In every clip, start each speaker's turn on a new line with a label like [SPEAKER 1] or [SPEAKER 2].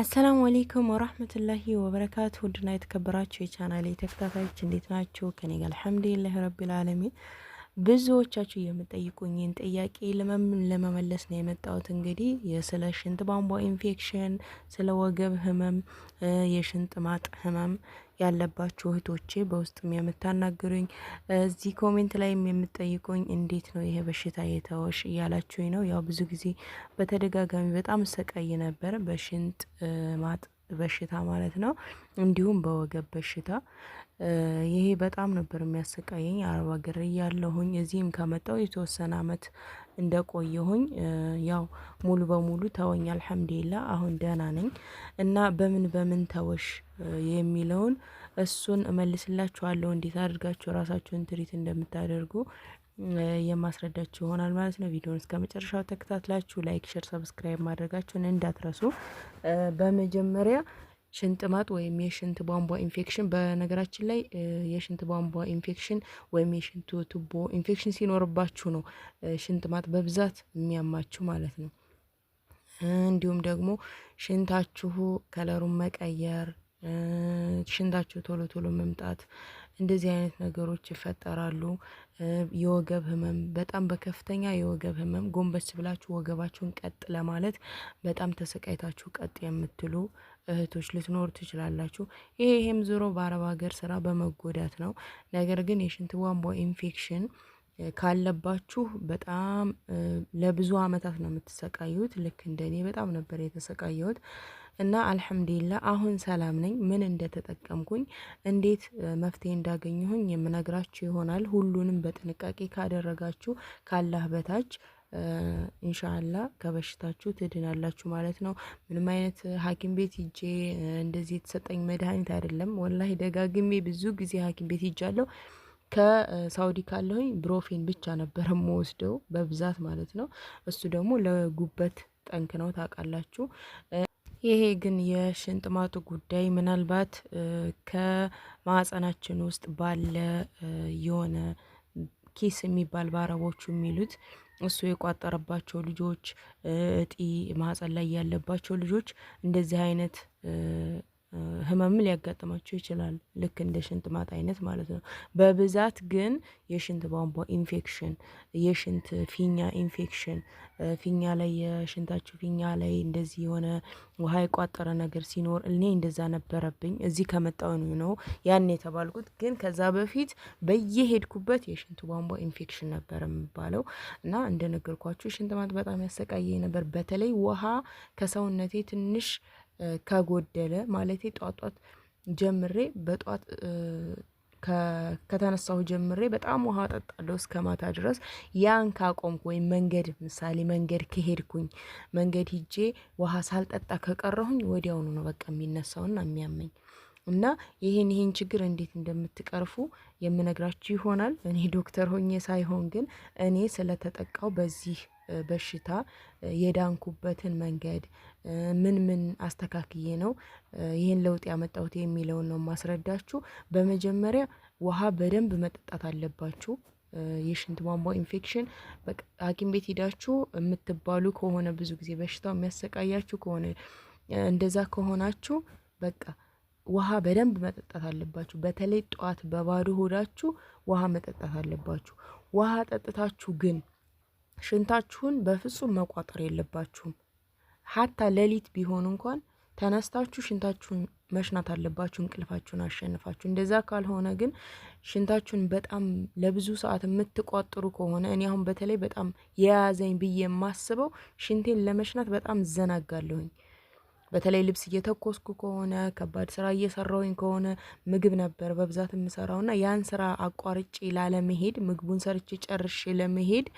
[SPEAKER 1] አሰላሙ አሌይኩም ወራህመቱላሂ ወበረካቱ ውድና የተከበራችሁ የቻናሌ ተከታታዮች እንዴት ናችሁ? ከኔ ጋር አልሐምዱሊላህ ረቢል አለሚን። ብዙዎቻችሁ የምጠይቁኝን ጥያቄ ለመመለስ ነው የመጣሁት። እንግዲህ ስለ ሽንት ቧንቧ ኢንፌክሽን፣ ስለ ወገብ ህመም፣ የሽንጥ ማጥ ህመም ያለባችሁ እህቶቼ በውስጥም የምታናግሩኝ እዚህ ኮሜንት ላይም የምትጠይቁኝ እንዴት ነው ይሄ በሽታ የተወሽ እያላችሁኝ ነው። ያው ብዙ ጊዜ በተደጋጋሚ በጣም ሰቃይ ነበር፣ በሽንጥ ማጥ በሽታ ማለት ነው። እንዲሁም በወገብ በሽታ ይሄ በጣም ነበር የሚያሰቃየኝ። አረብ ሀገር እያለሁኝ እዚህም ከመጣው የተወሰነ አመት እንደቆየሁኝ ያው ሙሉ በሙሉ ተወኝ። አልሐምዱሊላ አሁን ደህና ነኝ እና በምን በምን ተወሽ የሚለውን እሱን እመልስላችኋለሁ። እንዴት አድርጋችሁ ራሳችሁን ትሪት እንደምታደርጉ የማስረዳችሁ ይሆናል ማለት ነው። ቪዲዮን እስከ መጨረሻው ተከታትላችሁ ላይክ፣ ሸር፣ ሰብስክራይብ ማድረጋችሁን እንዳትረሱ። በመጀመሪያ ሽንት ማጥ ወይም የሽንት ቧንቧ ኢንፌክሽን። በነገራችን ላይ የሽንት ቧንቧ ኢንፌክሽን ወይም የሽንት ቱቦ ኢንፌክሽን ሲኖርባችሁ ነው ሽንጥ ማጥ በብዛት የሚያማችሁ ማለት ነው። እንዲሁም ደግሞ ሽንታችሁ ከለሩን መቀየር፣ ሽንታችሁ ቶሎ ቶሎ መምጣት እንደዚህ አይነት ነገሮች ይፈጠራሉ። የወገብ ህመም በጣም በከፍተኛ የወገብ ህመም ጎንበስ ብላችሁ ወገባችሁን ቀጥ ለማለት በጣም ተሰቃይታችሁ ቀጥ የምትሉ እህቶች ልትኖሩ ትችላላችሁ። ይሄ ይሄም ዞሮ በአረብ ሀገር ስራ በመጎዳት ነው። ነገር ግን የሽንት ቧንቧ ኢንፌክሽን ካለባችሁ በጣም ለብዙ አመታት ነው የምትሰቃዩት። ልክ እንደኔ በጣም ነበር የተሰቃየሁት እና አልሐምዱሊላ አሁን ሰላም ነኝ። ምን እንደተጠቀምኩኝ እንዴት መፍትሄ እንዳገኘሁኝ የምነግራችሁ ይሆናል። ሁሉንም በጥንቃቄ ካደረጋችሁ ካላህ በታች እንሻላ ከበሽታችሁ ትድናላችሁ ማለት ነው። ምንም አይነት ሐኪም ቤት ሂጄ እንደዚህ የተሰጠኝ መድኃኒት አይደለም። ወላሂ ደጋግሜ ብዙ ጊዜ ሐኪም ቤት ሂጃለሁ። ከሳውዲ ካለሁኝ ብሮፌን ብቻ ነበረ መወስደው በብዛት ማለት ነው። እሱ ደግሞ ለጉበት ጠንክ ነው ታውቃላችሁ። ይሄ ግን የሽንጥማጡ ጉዳይ ምናልባት ከማህፀናችን ውስጥ ባለ የሆነ ኪስ የሚባል በአረቦቹ የሚሉት እሱ የቋጠረባቸው ልጆች እጢ ማህፀን ላይ ያለባቸው ልጆች እንደዚህ አይነት ህመም ሊያጋጥማቸው ይችላል። ልክ እንደ ሽንት ማጥ አይነት ማለት ነው። በብዛት ግን የሽንት ቧንቧ ኢንፌክሽን፣ የሽንት ፊኛ ኢንፌክሽን፣ ፊኛ ላይ የሽንታችሁ ፊኛ ላይ እንደዚህ የሆነ ውሃ የቋጠረ ነገር ሲኖር እኔ እንደዛ ነበረብኝ። እዚህ ከመጣው ነው ያን የተባልኩት። ግን ከዛ በፊት በየሄድኩበት የሽንት ቧንቧ ኢንፌክሽን ነበር የሚባለው እና እንደነገርኳችሁ ሽንት ማጥ በጣም ያሰቃየ ነበር። በተለይ ውሃ ከሰውነቴ ትንሽ ከጎደለ ማለቴ ጧጧት ጀምሬ በጧት ከተነሳሁ ጀምሬ በጣም ውሃ ጠጣለሁ እስከ ማታ ድረስ። ያን ካቆምኩ ወይም መንገድ ምሳሌ መንገድ ከሄድኩኝ መንገድ ሂጄ ውሃ ሳልጠጣ ከቀረሁኝ ወዲያውኑ ነው በቃ የሚነሳውና የሚያመኝ እና ይህን ይህን ችግር እንዴት እንደምትቀርፉ የምነግራችሁ ይሆናል። እኔ ዶክተር ሆኜ ሳይሆን ግን እኔ ስለተጠቃው በዚህ በሽታ የዳንኩበትን መንገድ ምን ምን አስተካክዬ ነው ይህን ለውጥ ያመጣሁት የሚለውን ነው ማስረዳችሁ። በመጀመሪያ ውሃ በደንብ መጠጣት አለባችሁ። የሽንት ቧንቧ ኢንፌክሽን ሐኪም ቤት ሂዳችሁ የምትባሉ ከሆነ ብዙ ጊዜ በሽታው የሚያሰቃያችሁ ከሆነ እንደዛ ከሆናችሁ በቃ ውሃ በደንብ መጠጣት አለባችሁ። በተለይ ጠዋት በባዶ ሆዳችሁ ውሃ መጠጣት አለባችሁ። ውሃ ጠጥታችሁ ግን ሽንታችሁን በፍጹም መቋጠር የለባችሁም። ሀታ ሌሊት ቢሆን እንኳን ተነስታችሁ ሽንታችሁን መሽናት አለባችሁ፣ እንቅልፋችሁን አሸንፋችሁ። እንደዛ ካልሆነ ግን ሽንታችሁን በጣም ለብዙ ሰዓት የምትቋጥሩ ከሆነ እኔ አሁን በተለይ በጣም የያዘኝ ብዬ የማስበው ሽንቴን ለመሽናት በጣም ዘናጋለሁኝ። በተለይ ልብስ እየተኮስኩ ከሆነ ከባድ ስራ እየሰራውኝ ከሆነ ምግብ ነበር በብዛት የምሰራውና ያን ስራ አቋርጬ ላለመሄድ ምግቡን ሰርቼ ጨርሼ ለመሄድ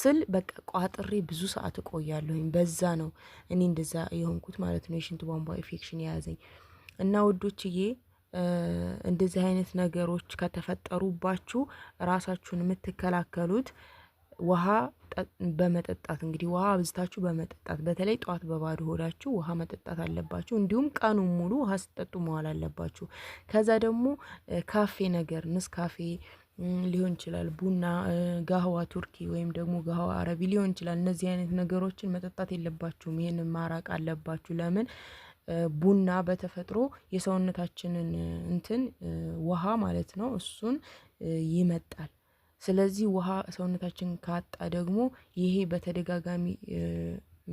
[SPEAKER 1] ስል በቃ ቋጥሬ ብዙ ሰዓት እቆያለሁኝ። በዛ ነው እኔ እንደዛ የሆንኩት ማለት ነው። የሽንት ቧንቧ ኢንፌክሽን የያዘኝ እና ውዶችዬ እንደዚህ አይነት ነገሮች ከተፈጠሩባችሁ ራሳችሁን የምትከላከሉት ውሃ በመጠጣት እንግዲህ ውሃ አብዝታችሁ በመጠጣት በተለይ ጠዋት በባዶ ሆዳችሁ ውሃ መጠጣት አለባችሁ። እንዲሁም ቀኑ ሙሉ ውሃ ስጠጡ መዋል አለባችሁ። ከዛ ደግሞ ካፌ ነገር ንስ ካፌ ሊሆን ይችላል። ቡና፣ ጋህዋ ቱርኪ ወይም ደግሞ ጋህዋ አረቢ ሊሆን ይችላል። እነዚህ አይነት ነገሮችን መጠጣት የለባችሁም። ይህን ማራቅ አለባችሁ። ለምን ቡና በተፈጥሮ የሰውነታችንን እንትን ውሃ ማለት ነው እሱን ይመጣል። ስለዚህ ውሃ ሰውነታችን ካጣ ደግሞ ይሄ በተደጋጋሚ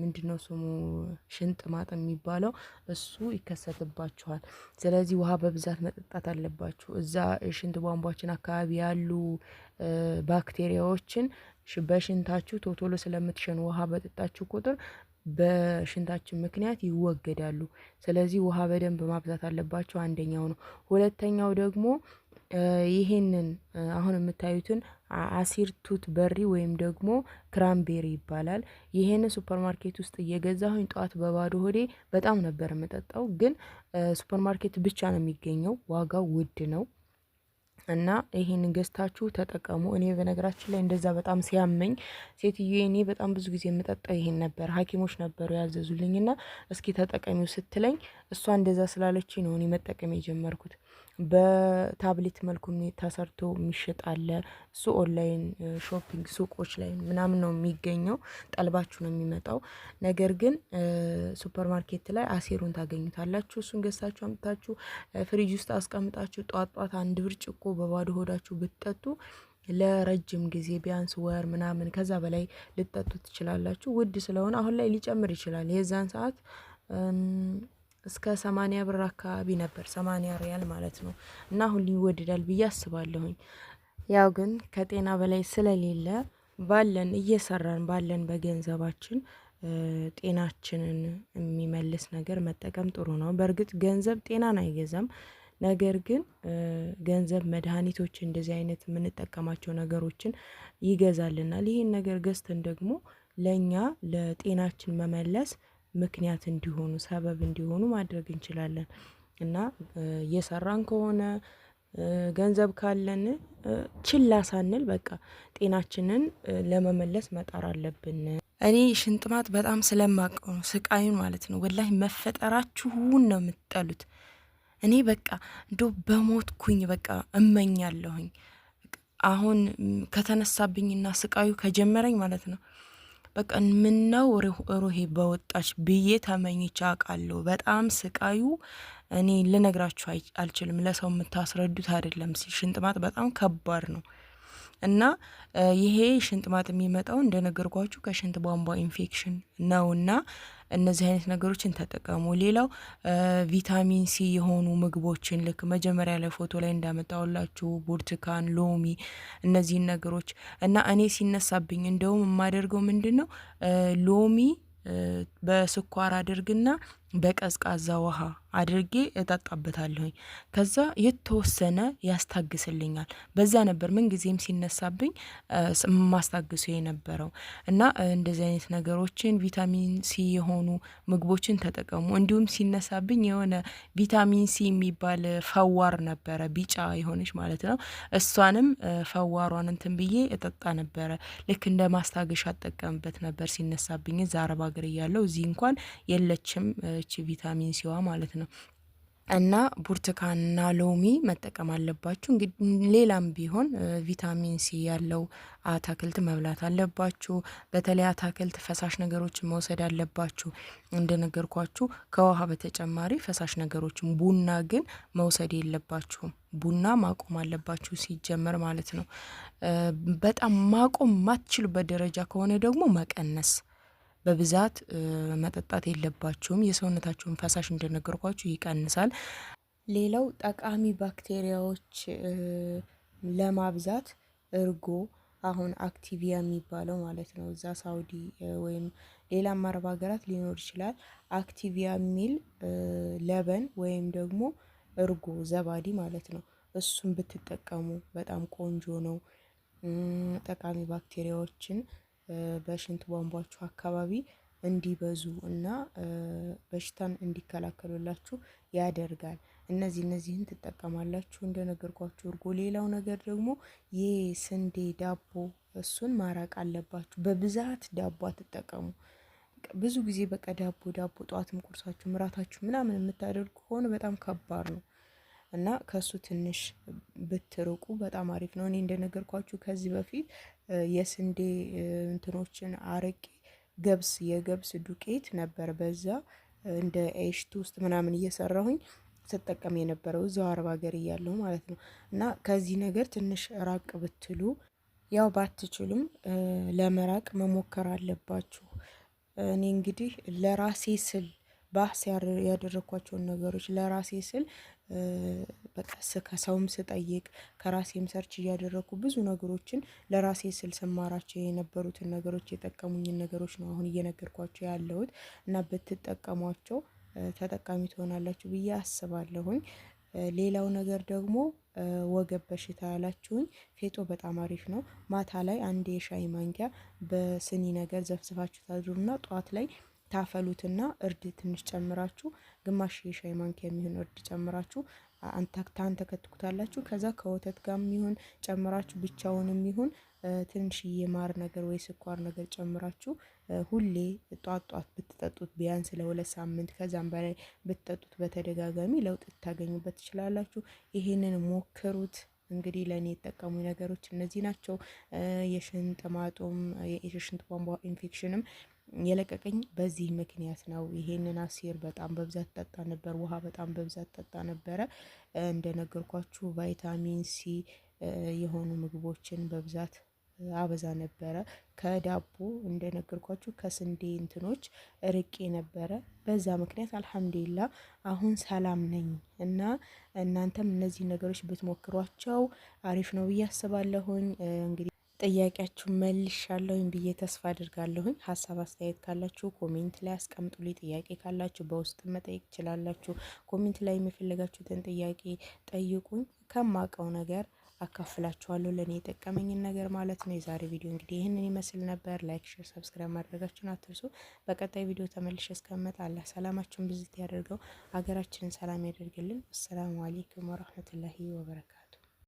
[SPEAKER 1] ምንድነው ስሙ ሽንጥ ማጥ የሚባለው እሱ ይከሰትባችኋል። ስለዚህ ውሃ በብዛት መጠጣት አለባችሁ። እዛ ሽንት ቧንቧችን አካባቢ ያሉ ባክቴሪያዎችን በሽንታችሁ ቶቶሎ ስለምትሸኑ ውሃ በጠጣችሁ ቁጥር በሽንታችን ምክንያት ይወገዳሉ። ስለዚህ ውሃ በደንብ ማብዛት አለባችሁ። አንደኛው ነው። ሁለተኛው ደግሞ ይሄንን አሁን የምታዩትን አሲር ቱት በሪ ወይም ደግሞ ክራምቤሪ ይባላል። ይሄን ሱፐር ማርኬት ውስጥ እየገዛሁኝ ጠዋት በባዶ ሆዴ በጣም ነበር የምጠጣው፣ ግን ሱፐር ማርኬት ብቻ ነው የሚገኘው፣ ዋጋው ውድ ነው እና ይሄንን ገዝታችሁ ተጠቀሙ። እኔ በነገራችን ላይ እንደዛ በጣም ሲያመኝ ሴትዮ እኔ በጣም ብዙ ጊዜ የምጠጣው ይሄን ነበር፣ ሐኪሞች ነበሩ ያዘዙልኝና እስኪ ተጠቀሚው ስትለኝ እሷ እንደዛ ስላለች ነው እኔ መጠቀም የጀመርኩት። በታብሌት መልኩ ተሰርቶ የሚሸጥ አለ። እሱ ኦንላይን ሾፒንግ ሱቆች ላይ ምናምን ነው የሚገኘው፣ ጠልባችሁ ነው የሚመጣው። ነገር ግን ሱፐር ማርኬት ላይ አሴሩን ታገኙታላችሁ። እሱን ገሳችሁ አምጥታችሁ ፍሪጅ ውስጥ አስቀምጣችሁ ጧት ጧት አንድ ብርጭቆ በባዶ ሆዳችሁ ብትጠጡ ለረጅም ጊዜ ቢያንስ ወር ምናምን ከዛ በላይ ልጠጡ ትችላላችሁ። ውድ ስለሆነ አሁን ላይ ሊጨምር ይችላል የዛን ሰዓት እስከ ሰማኒያ ብር አካባቢ ነበር፣ ሰማኒያ ሪያል ማለት ነው። እና አሁን ይወደዳል ብዬ አስባለሁኝ። ያው ግን ከጤና በላይ ስለሌለ ባለን እየሰራን ባለን በገንዘባችን ጤናችንን የሚመልስ ነገር መጠቀም ጥሩ ነው። በእርግጥ ገንዘብ ጤናን አይገዛም። ነገር ግን ገንዘብ መድኃኒቶች፣ እንደዚህ አይነት የምንጠቀማቸው ነገሮችን ይገዛልናል። ይህን ነገር ገዝተን ደግሞ ለእኛ ለጤናችን መመለስ ምክንያት እንዲሆኑ ሰበብ እንዲሆኑ ማድረግ እንችላለን እና እየሰራን ከሆነ ገንዘብ ካለን ችላ ሳንል በቃ ጤናችንን ለመመለስ መጣር አለብን። እኔ ሽንጥማት በጣም ስለማውቀው ነው፣ ስቃዩን ማለት ነው። ወላሂ መፈጠራችሁን ነው የምትጠሉት። እኔ በቃ እንዶ በሞትኩኝ በቃ እመኛለሁኝ። አሁን ከተነሳብኝና ስቃዩ ከጀመረኝ ማለት ነው በቃ ምነው ሮሄ በወጣች ብዬ ተመኝቻ አውቃለሁ። በጣም ስቃዩ እኔ ልነግራችሁ አልችልም። ለሰው የምታስረዱት አይደለም። ሽንጥማጥ በጣም ከባድ ነው እና ይሄ ሽንጥማጥ የሚመጣው እንደነገርኳችሁ ከሽንት ቧንቧ ኢንፌክሽን ነውና እነዚህ አይነት ነገሮችን ተጠቀሙ። ሌላው ቪታሚን ሲ የሆኑ ምግቦችን ልክ መጀመሪያ ላይ ፎቶ ላይ እንዳመጣውላችሁ ብርቱካን፣ ሎሚ እነዚህን ነገሮች እና እኔ ሲነሳብኝ እንደውም የማደርገው ምንድን ነው ሎሚ በስኳር አድርግና በቀዝቃዛ ውሃ አድርጌ እጠጣበታለሁኝ። ከዛ የተወሰነ ያስታግስልኛል። በዛ ነበር ምን ጊዜም ሲነሳብኝ ማስታግሱ የነበረው እና እንደዚህ አይነት ነገሮችን ቪታሚን ሲ የሆኑ ምግቦችን ተጠቀሙ። እንዲሁም ሲነሳብኝ የሆነ ቪታሚን ሲ የሚባል ፈዋር ነበረ፣ ቢጫ የሆነች ማለት ነው። እሷንም ፈዋሯን እንትን ብዬ እጠጣ ነበረ። ልክ እንደ ማስታገሻ አጠቀምበት ነበር ሲነሳብኝ። እዛ አረብ ሀገር እዚህ እንኳን የለችም አለች፣ ቪታሚን ሲዋ ማለት ነው። እና ብርቱካንና ሎሚ መጠቀም አለባችሁ። እንግዲህ ሌላም ቢሆን ቪታሚን ሲ ያለው አታክልት መብላት አለባችሁ። በተለይ አታክልት ፈሳሽ ነገሮችን መውሰድ አለባችሁ። እንደነገርኳችሁ ከውሃ በተጨማሪ ፈሳሽ ነገሮችን፣ ቡና ግን መውሰድ የለባችሁም። ቡና ማቆም አለባችሁ ሲጀመር ማለት ነው። በጣም ማቆም ማትችሉበት ደረጃ ከሆነ ደግሞ መቀነስ በብዛት መጠጣት የለባችሁም። የሰውነታችሁን ፈሳሽ እንደነገርኳችሁ ይቀንሳል። ሌላው ጠቃሚ ባክቴሪያዎች ለማብዛት እርጎ አሁን አክቲቪያ የሚባለው ማለት ነው። እዛ ሳውዲ ወይም ሌላ አረብ ሀገራት ሊኖር ይችላል። አክቲቪያ የሚል ለበን ወይም ደግሞ እርጎ ዘባዲ ማለት ነው። እሱን ብትጠቀሙ በጣም ቆንጆ ነው። ጠቃሚ ባክቴሪያዎችን በሽንት ቧንቧችሁ አካባቢ እንዲበዙ እና በሽታን እንዲከላከሉላችሁ ያደርጋል። እነዚህ እነዚህን ትጠቀማላችሁ እንደነገርኳችሁ እርጎ። ሌላው ነገር ደግሞ ይህ ስንዴ ዳቦ እሱን ማራቅ አለባችሁ። በብዛት ዳቦ አትጠቀሙ። ብዙ ጊዜ በቃ ዳቦ ዳቦ ጠዋትም ቁርሳችሁ ምራታችሁ ምናምን የምታደርጉ ከሆነ በጣም ከባድ ነው። እና ከሱ ትንሽ ብትርቁ በጣም አሪፍ ነው። እኔ እንደነገርኳችሁ ከዚህ በፊት የስንዴ እንትኖችን አርቄ ገብስ የገብስ ዱቄት ነበር በዛ እንደ ኤሽቱ ውስጥ ምናምን እየሰራሁኝ ስጠቀም የነበረው እዛው አረብ ሀገር እያለሁ ማለት ነው። እና ከዚህ ነገር ትንሽ ራቅ ብትሉ ያው ባትችሉም ለመራቅ መሞከር አለባችሁ። እኔ እንግዲህ ለራሴ ስል ባህስ ያደረግኳቸውን ነገሮች ለራሴ ስል በቃ ከሰውም ስጠይቅ ከራሴም ሰርች እያደረግኩ ብዙ ነገሮችን ለራሴ ስል ስማራቸው የነበሩትን ነገሮች የጠቀሙኝን ነገሮች ነው አሁን እየነገርኳቸው ያለሁት እና ብትጠቀሟቸው ተጠቃሚ ትሆናላችሁ ብዬ አስባለሁኝ። ሌላው ነገር ደግሞ ወገብ በሽታ ያላችሁኝ ፌጦ በጣም አሪፍ ነው። ማታ ላይ አንድ የሻይ ማንኪያ በስኒ ነገር ዘፍዝፋችሁ ታድሩና ጠዋት ላይ ታፈሉትና እርድ ትንሽ ጨምራችሁ ግማሽ የሻይ ማንኪያ የሚሆን እርድ ጨምራችሁ አንተክታን ተከትኩታላችሁ። ከዛ ከወተት ጋር የሚሆን ጨምራችሁ ብቻውንም ይሁን ትንሽዬ ማር ነገር ወይ ስኳር ነገር ጨምራችሁ ሁሌ ጧት ጧት ብትጠጡት ቢያንስ ለሁለት ሳምንት ከዛም በላይ ብትጠጡት በተደጋጋሚ ለውጥ ልታገኙበት ትችላላችሁ። ይሄንን ሞክሩት። እንግዲህ ለእኔ የጠቀሙ ነገሮች እነዚህ ናቸው። የሽንጥ ማጦም የሽንጥ ቧንቧ ኢንፌክሽንም የለቀቀኝ በዚህ ምክንያት ነው። ይሄንን አሲር በጣም በብዛት ጠጣ ነበር። ውሃ በጣም በብዛት ጠጣ ነበረ። እንደነገርኳችሁ ቫይታሚን ሲ የሆኑ ምግቦችን በብዛት አበዛ ነበረ። ከዳቦ እንደነገርኳችሁ ከስንዴ እንትኖች ርቄ ነበረ። በዛ ምክንያት አልሐምዱሊላ አሁን ሰላም ነኝ እና እናንተም እነዚህ ነገሮች ብትሞክሯቸው አሪፍ ነው ብዬ አስባለሁኝ እንግዲህ ጥያቄያችሁን መልሻለሁኝ ብዬ ተስፋ አድርጋለሁኝ። ሀሳብ አስተያየት ካላችሁ ኮሜንት ላይ አስቀምጡልኝ። ጥያቄ ካላችሁ በውስጥ መጠየቅ ትችላላችሁ። ኮሜንት ላይ የሚፈልጋችሁትን ጥያቄ ጠይቁኝ። ከማውቀው ነገር አካፍላችኋለሁ፣ ለእኔ የጠቀመኝን ነገር ማለት ነው። የዛሬ ቪዲዮ እንግዲህ ይህንን ይመስል ነበር። ላይክ፣ ሼር፣ ሰብስክራይብ ማድረጋችሁን አትርሱ። በቀጣይ ቪዲዮ ተመልሼ እስከምመጣ ሰላማችሁን ብዝት ያደርገው፣ ሀገራችንን ሰላም ያደርግልን። አሰላሙ አሌይኩም ወረህመቱላሂ ወበረካቱ